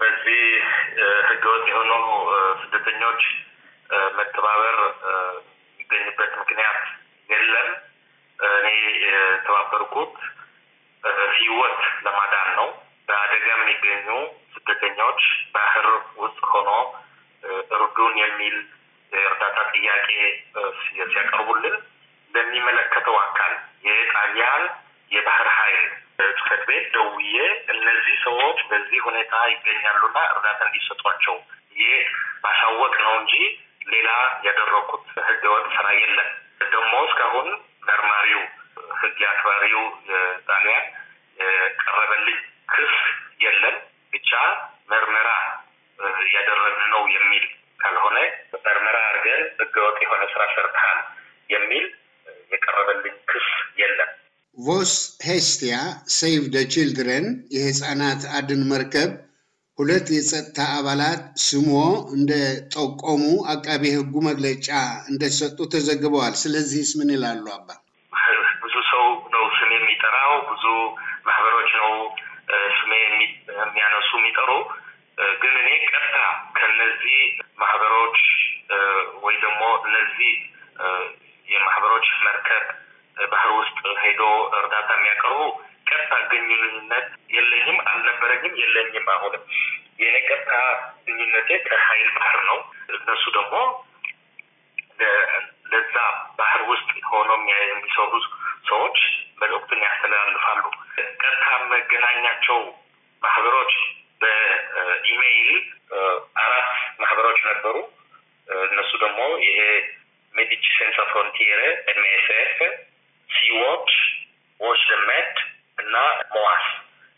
በዚህ ህገወጥ የሆኑ ስደተኞች መተባበር የሚገኝበት ምክንያት የለም። እኔ የተባበርኩት ህይወት ለማዳን ነው። በአደጋ የሚገኙ ስደተኞች ባህር ውስጥ ሆኖ እርዱን የሚል የእርዳታ ጥያቄ ሲያቀርቡልን ለሚመለከተው አካል የጣሊያን የባህር ኃይል ጽሕፈት ቤት ደውዬ በዚህ ሁኔታ ይገኛሉና እርዳታ እንዲሰጧቸው ይህ ማሳወቅ ነው እንጂ ሌላ ያደረኩት ህገወጥ ስራ የለም። ደግሞ እስካሁን መርማሪው ህግ አክባሪው ጣሊያን የቀረበልኝ ክስ የለም። ብቻ ምርመራ እያደረግን ነው የሚል ካልሆነ ምርመራ አድርገን ህገወጥ የሆነ ስራ ሰርተሃል የሚል የቀረበልኝ ክስ የለም። ቮስ ሄስቲያ ሴቭ ደ ችልድረን የህፃናት አድን መርከብ ሁለት የጸጥታ አባላት ስሞ እንደጠቆሙ አቃቤ ህጉ መግለጫ እንደሰጡ ተዘግበዋል። ስለዚህስ ምን ይላሉ አባ? ብዙ ሰው ነው ስሜ የሚጠራው፣ ብዙ ማህበሮች ነው ስሜ የሚያነሱ የሚጠሩ። ግን እኔ ቀጥታ ከነዚህ ማህበሮች ወይ ደግሞ እነዚህ የማህበሮች መርከብ ባህር ውስጥ ሄዶ እርዳታ የሚያቀርቡ ቀጥታ ግንኙነት የለኝም፣ አልነበረኝም፣ የለኝም። አሁንም የእኔ ቀጥታ ግንኙነቴ ከሀይል ባህር ነው። እነሱ ደግሞ ለዛ ባህር ውስጥ ሆኖ የሚሰሩ ሰዎች መልእክቱን ያስተላልፋሉ። ቀጥታ መገናኛቸው ማህበሮች በኢሜይል አራት ማህበሮች ነበሩ። እነሱ ደግሞ ይሄ ሜዲች ሴንሳ ፍሮንቲየር ኤምኤስኤፍ ሲዎች ዎችደ እና መዋስ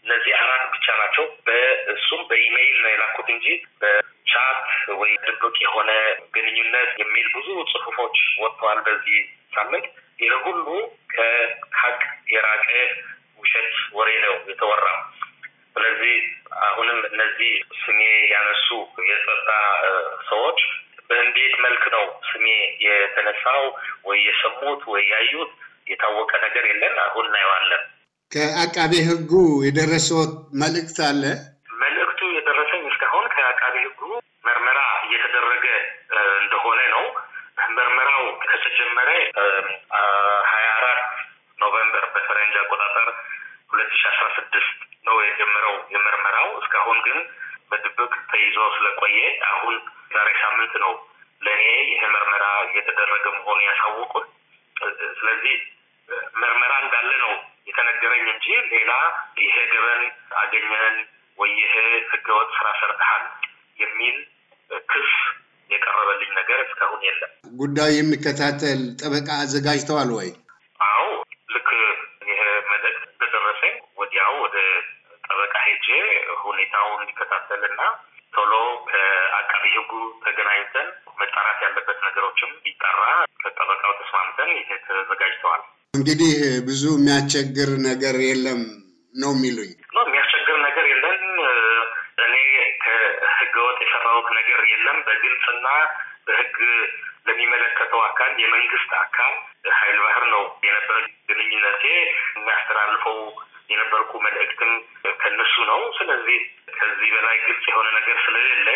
እነዚህ አራት ብቻ ናቸው። በእሱም በኢሜይል ነው የላኩት እንጂ በቻት ወይ ድብቅ የሆነ ግንኙነት የሚል ብዙ ጽሁፎች ወጥተዋል በዚህ ሳምንት። ይህ ሁሉ ከሀቅ የራቀ ውሸት ወሬ ነው የተወራ። ስለዚህ አሁንም እነዚህ ስሜ ያነሱ የጸጥታ ሰዎች በእንዴት መልክ ነው ስሜ የተነሳው ወይ የሰሙት ወይ ያዩት የታወቀ ነገር የለን። አሁን እናየዋለን። ከአቃቤ ሕጉ የደረሰው መልእክት አለ? መልእክቱ የደረሰኝ እስካሁን ከአቃቤ ሕጉ ምርመራ እየተደረገ እንደሆነ ነው። ምርመራው ከተጀመረ ሀያ አራት ኖቨምበር በፈረንጅ አቆጣጠር ሁለት ሺ አስራ ስድስት ነው የጀመረው የምርመራው እስካሁን ግን በድብቅ ተይዞ ስለቆየ አሁን ዛሬ ሳምንት ነው ለእኔ ይህ ምርመራ እየተደረገ መሆኑ ያሳወቁን። ስለዚህ ምርመራ እንዳለ ነው የተነገረኝ እንጂ ሌላ ይሄ ገበን አገኘን ወይ ይሄ ህገወጥ ስራ ሰርተሃል የሚል ክስ የቀረበልኝ ነገር እስካሁን የለም። ጉዳዩ የሚከታተል ጠበቃ አዘጋጅተዋል ወይ? አዎ ልክ ይሄ መልዕክት እንደደረሰኝ ወዲያው ወደ ጠበቃ ሄጄ ሁኔታውን እንዲከታተልና ቶሎ ከአቃቢ ህጉ ተገናኝተን መጣራት ያለበት ነገሮችም ቢጠራ ከጠበቃው ተስማምተን ይሄ ተዘጋጅተዋል። እንግዲህ ብዙ የሚያስቸግር ነገር የለም ነው የሚሉኝ። የሚያስቸግር ነገር የለም። እኔ ከህገወጥ የሰራሁት ነገር የለም። በግልጽና በህግ ለሚመለከተው አካል የመንግስት አካል ሀይል ባህር ነው የነበረ ግንኙነቴ። የሚያስተላልፈው የነበርኩ መልእክትም ከነሱ ነው። ስለዚህ ከዚህ በላይ ግልጽ የሆነ ነገር ስለሌለ